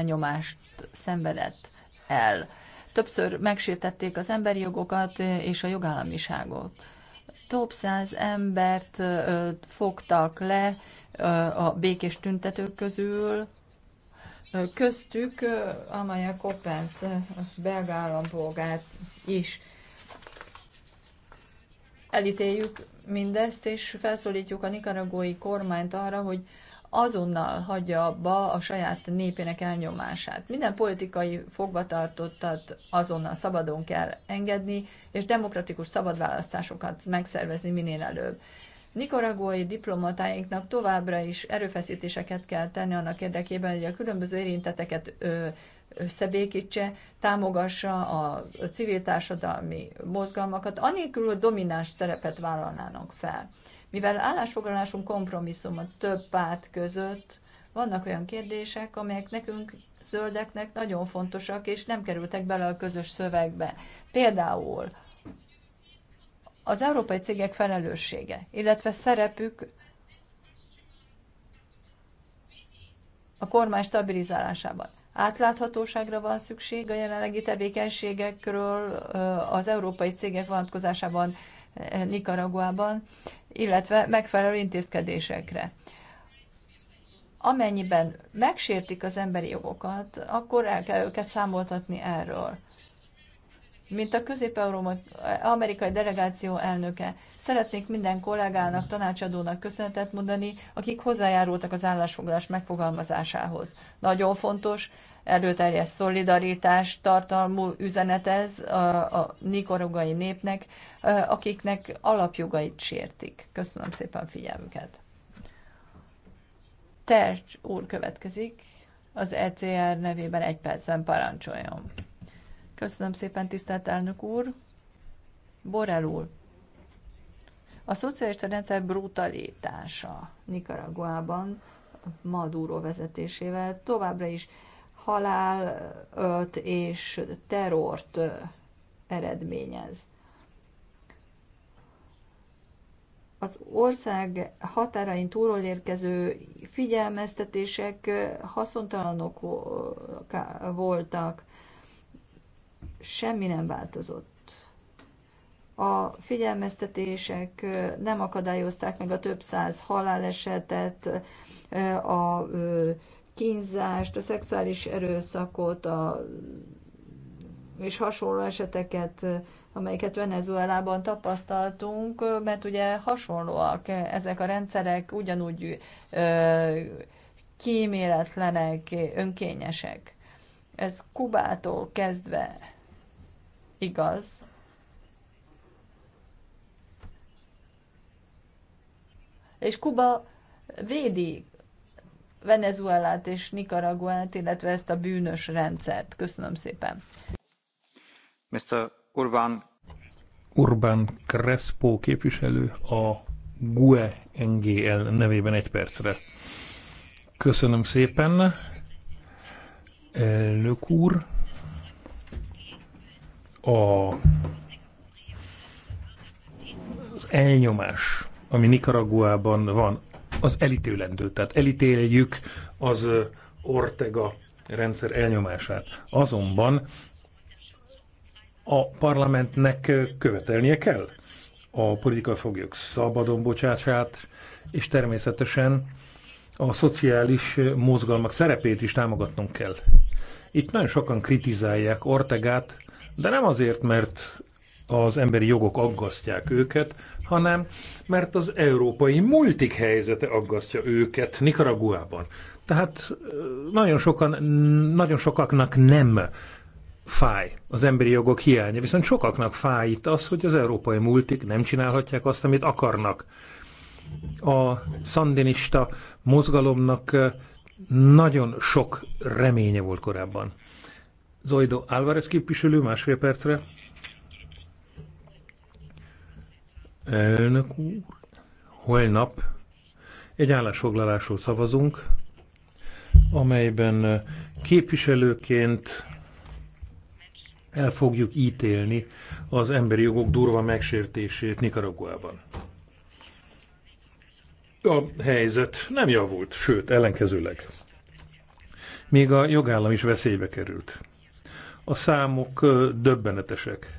nyomást szenvedett el. Többször megsértették az emberi jogokat és a jogállamiságot. Több száz embert fogtak le a békés tüntetők közül, köztük Amaya Koppens belga állampolgárt is. Elítéljük mindezt, és felszólítjuk a nikaragói kormányt arra, hogy azonnal hagyja abba a saját népének elnyomását. Minden politikai fogvatartottat azonnal szabadon kell engedni, és demokratikus szabad választásokat megszervezni minél előbb. Nikaragói diplomatáinknak továbbra is erőfeszítéseket kell tenni annak érdekében, hogy a különböző érinteteket összebékítse, támogassa a civil társadalmi mozgalmakat, anélkül, hogy domináns szerepet vállalnának fel mivel állásfoglalásunk a több párt között vannak olyan kérdések, amelyek nekünk zöldeknek nagyon fontosak, és nem kerültek bele a közös szövegbe. Például az európai cégek felelőssége, illetve szerepük a kormány stabilizálásában. Átláthatóságra van szükség a jelenlegi tevékenységekről az európai cégek vonatkozásában Nikaraguában, illetve megfelelő intézkedésekre. Amennyiben megsértik az emberi jogokat, akkor el kell őket számoltatni erről. Mint a közép-amerikai delegáció elnöke, szeretnék minden kollégának, tanácsadónak köszönetet mondani, akik hozzájárultak az állásfoglalás megfogalmazásához. Nagyon fontos, erőteljes szolidaritás tartalmú üzenet ez a, a nikorogai népnek, akiknek alapjogait sértik. Köszönöm szépen figyelmüket. Tercs úr következik, az ECR nevében egy percben parancsoljon. Köszönöm szépen, tisztelt elnök úr. Borel úr, a szocialista rendszer brutalitása Nicaraguában Maduro vezetésével továbbra is halált és terort eredményez. az ország határain túlról érkező figyelmeztetések haszontalanok voltak, semmi nem változott. A figyelmeztetések nem akadályozták meg a több száz halálesetet, a kínzást, a szexuális erőszakot, a és hasonló eseteket, amelyeket Venezuelában tapasztaltunk, mert ugye hasonlóak e, ezek a rendszerek, ugyanúgy ö, kíméletlenek, önkényesek. Ez Kubától kezdve igaz. És Kuba védi Venezuelát és Nicaraguát, illetve ezt a bűnös rendszert. Köszönöm szépen. Mr. Urban. Urban Crespo képviselő a GUE NGL nevében egy percre. Köszönöm szépen. Elnök úr, a az elnyomás, ami Nicaraguában van, az elítélendő. Tehát elítéljük az Ortega rendszer elnyomását. Azonban a parlamentnek követelnie kell a politikai foglyok szabadon bocsátását, és természetesen a szociális mozgalmak szerepét is támogatnunk kell. Itt nagyon sokan kritizálják Ortegát, de nem azért, mert az emberi jogok aggasztják őket, hanem mert az európai multik helyzete aggasztja őket Nicaraguában. Tehát nagyon, sokan, nagyon sokaknak nem fáj az emberi jogok hiánya, viszont sokaknak fáj itt az, hogy az európai multik nem csinálhatják azt, amit akarnak. A szandinista mozgalomnak nagyon sok reménye volt korábban. Zoido Álvarez képviselő, másfél percre. Elnök úr, holnap egy állásfoglalásról szavazunk, amelyben képviselőként el fogjuk ítélni az emberi jogok durva megsértését Nikaraguában. A helyzet nem javult, sőt, ellenkezőleg. Még a jogállam is veszélybe került. A számok döbbenetesek.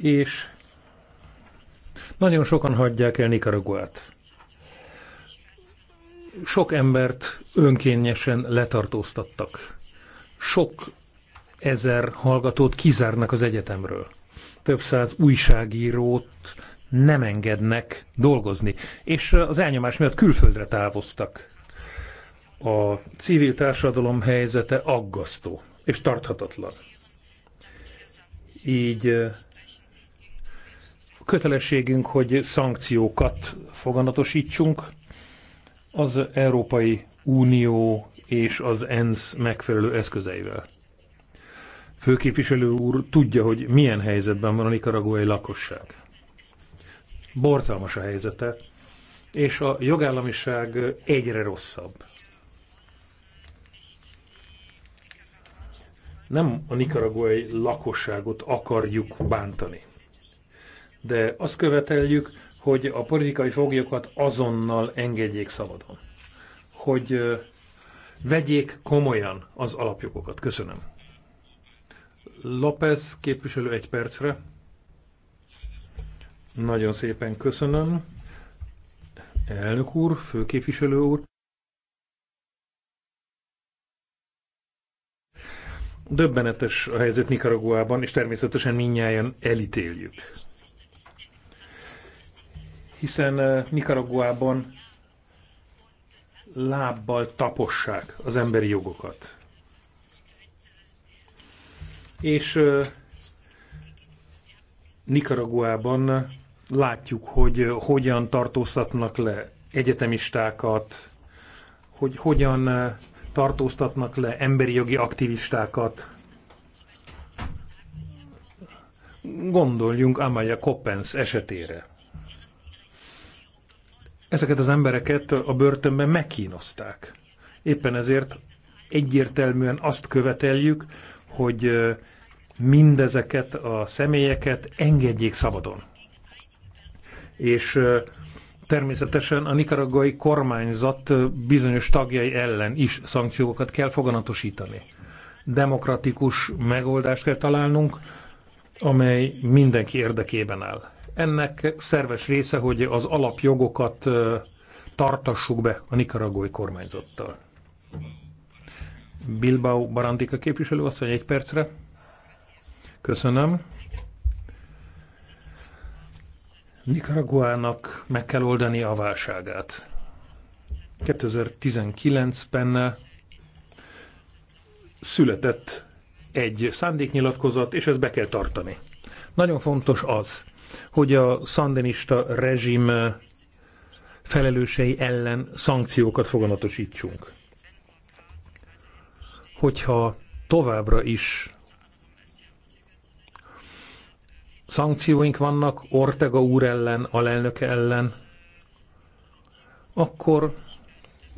És nagyon sokan hagyják el Nikaraguát. Sok embert önkényesen letartóztattak sok ezer hallgatót kizárnak az egyetemről. Több száz újságírót nem engednek dolgozni, és az elnyomás miatt külföldre távoztak. A civil társadalom helyzete aggasztó és tarthatatlan. Így kötelességünk, hogy szankciókat foganatosítsunk. Az Európai Unió és az ENSZ megfelelő eszközeivel. Főképviselő úr tudja, hogy milyen helyzetben van a nikaraguai lakosság. Borzalmas a helyzete, és a jogállamiság egyre rosszabb. Nem a nikaraguai lakosságot akarjuk bántani, de azt követeljük, hogy a politikai foglyokat azonnal engedjék szabadon. Hogy vegyék komolyan az alapjogokat. Köszönöm. López képviselő egy percre. Nagyon szépen köszönöm. Elnök úr, főképviselő úr. Döbbenetes a helyzet Nikaraguában, és természetesen minnyáján elítéljük. Hiszen eh, Nikaraguában lábbal tapossák az emberi jogokat. És Nikaraguában látjuk, hogy hogyan tartóztatnak le egyetemistákat, hogy hogyan tartóztatnak le emberi jogi aktivistákat. Gondoljunk Amaya Coppens esetére ezeket az embereket a börtönben megkínozták. Éppen ezért egyértelműen azt követeljük, hogy mindezeket a személyeket engedjék szabadon. És természetesen a nikaragai kormányzat bizonyos tagjai ellen is szankciókat kell foganatosítani. Demokratikus megoldást kell találnunk, amely mindenki érdekében áll. Ennek szerves része, hogy az alapjogokat tartassuk be a nikaragói kormányzattal. Bilbao Barandika képviselő asszony egy percre. Köszönöm. Nicaraguának meg kell oldani a válságát. 2019-ben született egy szándéknyilatkozat, és ezt be kell tartani. Nagyon fontos az, hogy a szandinista rezsim felelősei ellen szankciókat foganatosítsunk. Hogyha továbbra is szankcióink vannak Ortega úr ellen, alelnöke ellen, akkor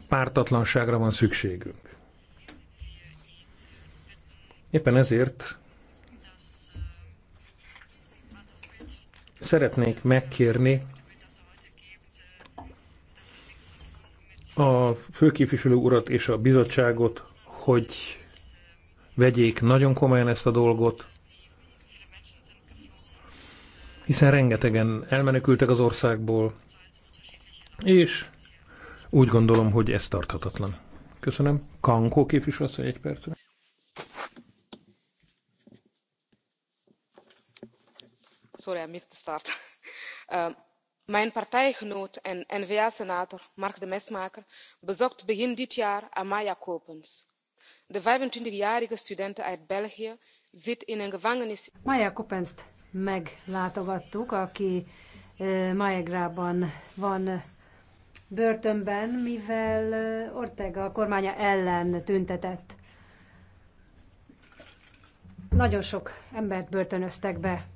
pártatlanságra van szükségünk. Éppen ezért Szeretnék megkérni a főképviselő urat és a bizottságot, hogy vegyék nagyon komolyan ezt a dolgot, hiszen rengetegen elmenekültek az országból, és úgy gondolom, hogy ez tarthatatlan. Köszönöm. Kankó képviselő, egy percre. sorry i missed the start. [laughs] Ehm, mijn partijgenoot en n va senator mark mesmaeker bezocht begin dit jaar amaya coppens. de vijfentwintig jarige studente uit belgië zit in een gevangenis. amaya coppenst meglátogattuk aki eh, Maegrában van eh, börtönben, mivel eh, Ortega kormánya ellen tüntetett. Nagyon sok embert börtönöztek be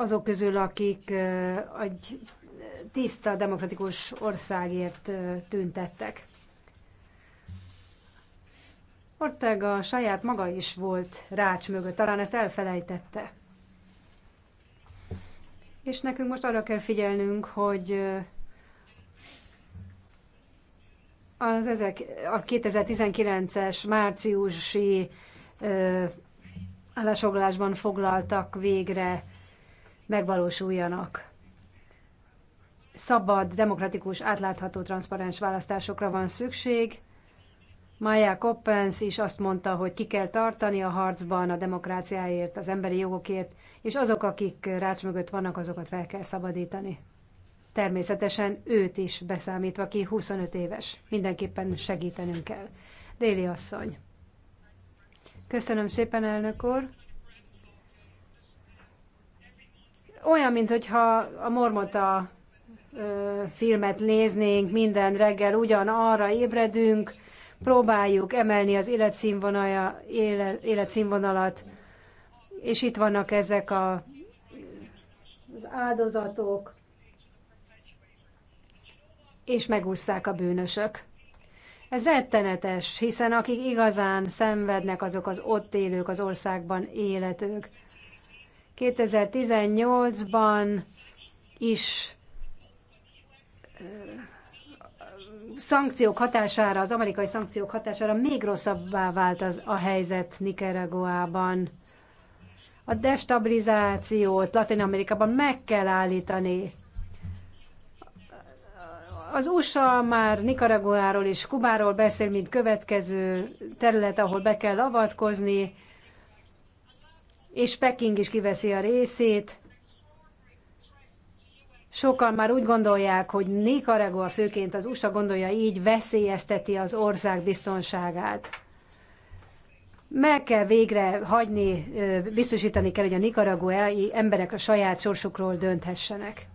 azok közül, akik egy tiszta, demokratikus országért tüntettek. Ortega saját maga is volt rács mögött, talán ezt elfelejtette. És nekünk most arra kell figyelnünk, hogy az ezek, a 2019-es márciusi ö, állásfoglalásban foglaltak végre megvalósuljanak. Szabad, demokratikus, átlátható, transzparens választásokra van szükség. Maya Coppens is azt mondta, hogy ki kell tartani a harcban a demokráciáért, az emberi jogokért, és azok, akik rács mögött vannak, azokat fel kell szabadítani. Természetesen őt is beszámítva ki, 25 éves. Mindenképpen segítenünk kell. Déli asszony. Köszönöm szépen, elnök úr. olyan, mintha a mormota filmet néznénk, minden reggel ugyanarra ébredünk, próbáljuk emelni az életszínvonala, életszínvonalat, és itt vannak ezek a, az áldozatok, és megúszszák a bűnösök. Ez rettenetes, hiszen akik igazán szenvednek, azok az ott élők, az országban életők. 2018-ban is szankciók hatására, az amerikai szankciók hatására még rosszabbá vált az, a helyzet Nicaraguában. A destabilizációt Latin Amerikában meg kell állítani. Az USA már Nicaraguáról és Kubáról beszél, mint következő terület, ahol be kell avatkozni, és Peking is kiveszi a részét. Sokan már úgy gondolják, hogy Nicaragua, főként az USA gondolja így, veszélyezteti az ország biztonságát. Meg kell végre hagyni, biztosítani kell, hogy a nikaraguai emberek a saját sorsukról dönthessenek.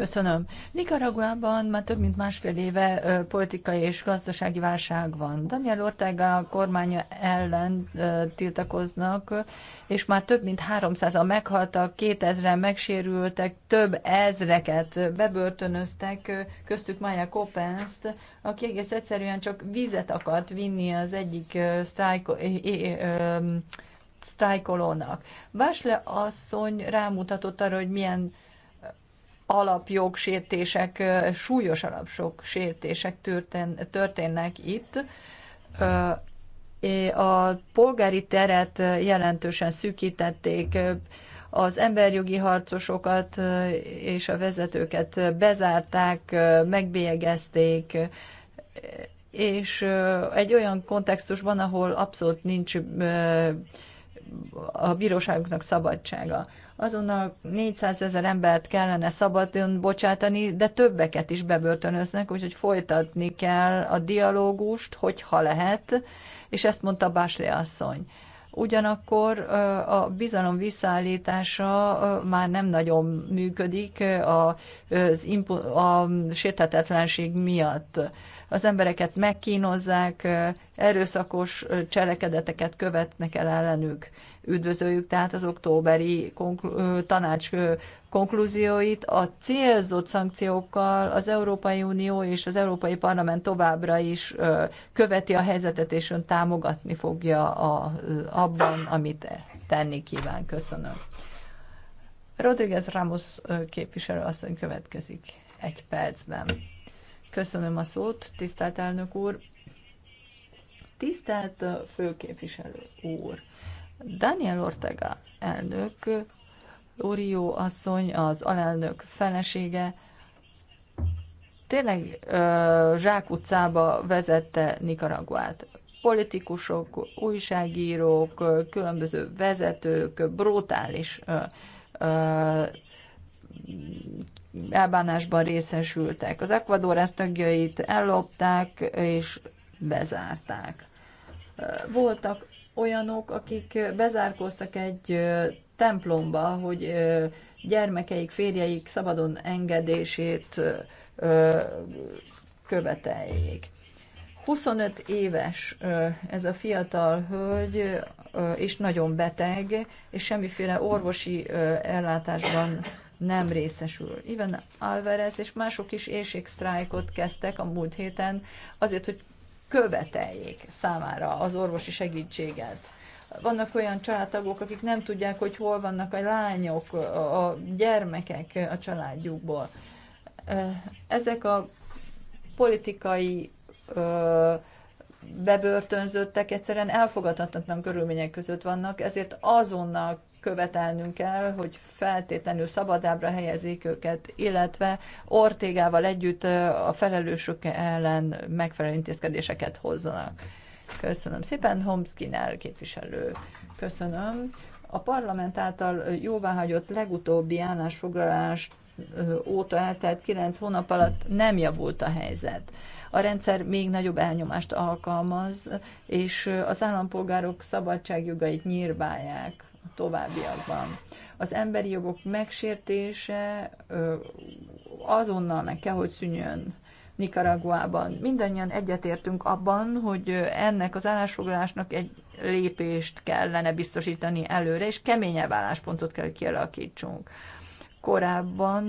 Köszönöm. Nicaraguában már több mint másfél éve politikai és gazdasági válság van. Daniel Ortega a kormánya ellen tiltakoznak, és már több mint 300-an meghaltak, 2000-en megsérültek, több ezreket bebörtönöztek, köztük Maya Copenst, aki egész egyszerűen csak vizet akart vinni az egyik sztrájk sztrájkolónak. Vásle asszony rámutatott arra, hogy milyen alapjogsértések, súlyos történ, történnek itt. A polgári teret jelentősen szűkítették, az emberjogi harcosokat és a vezetőket bezárták, megbélyegezték, és egy olyan kontextusban, ahol abszolút nincs a bíróságoknak szabadsága azonnal 400 ezer embert kellene szabadon bocsátani, de többeket is bebörtönöznek, úgyhogy folytatni kell a dialógust, hogyha lehet, és ezt mondta Básli asszony. Ugyanakkor a bizalom visszaállítása már nem nagyon működik az impu- a sértetetlenség miatt. Az embereket megkínozzák, erőszakos cselekedeteket követnek el ellenük Üdvözöljük tehát az októberi konklu- tanács konklúzióit. A célzott szankciókkal az Európai Unió és az Európai Parlament továbbra is követi a helyzetet, és ön támogatni fogja a, abban, amit tenni kíván. Köszönöm. Rodriguez Ramos képviselő asszony következik egy percben. Köszönöm a szót, tisztelt elnök úr. Tisztelt főképviselő úr. Daniel Ortega elnök, Orió asszony, az alelnök felesége, tényleg zsákutcába vezette Nikaraguát. Politikusok, újságírók, különböző vezetők brutális elbánásban részesültek. Az Ecuador ezt tagjait ellopták és bezárták. Voltak olyanok, akik bezárkóztak egy templomba, hogy gyermekeik, férjeik szabadon engedését követeljék. 25 éves ez a fiatal hölgy, és nagyon beteg, és semmiféle orvosi ellátásban nem részesül. Ivan Alvarez és mások is érségsztrájkot kezdtek a múlt héten azért, hogy követeljék számára az orvosi segítséget. Vannak olyan családtagok, akik nem tudják, hogy hol vannak a lányok, a gyermekek a családjukból. Ezek a politikai bebörtönzöttek egyszerűen elfogadhatatlan körülmények között vannak, ezért azonnal követelnünk kell, hogy feltétlenül szabadábra helyezik őket, illetve Ortégával együtt a felelősök ellen megfelelő intézkedéseket hozzanak. Köszönöm szépen, Homszkinál képviselő. Köszönöm. A parlament által jóváhagyott legutóbbi állásfoglalás óta eltelt 9 hónap alatt nem javult a helyzet a rendszer még nagyobb elnyomást alkalmaz, és az állampolgárok szabadságjogait nyírbálják a továbbiakban. Az emberi jogok megsértése azonnal meg kell, hogy szűnjön Nikaraguában. Mindannyian egyetértünk abban, hogy ennek az állásfoglalásnak egy lépést kellene biztosítani előre, és keményebb álláspontot kell, hogy kialakítsunk. Korábban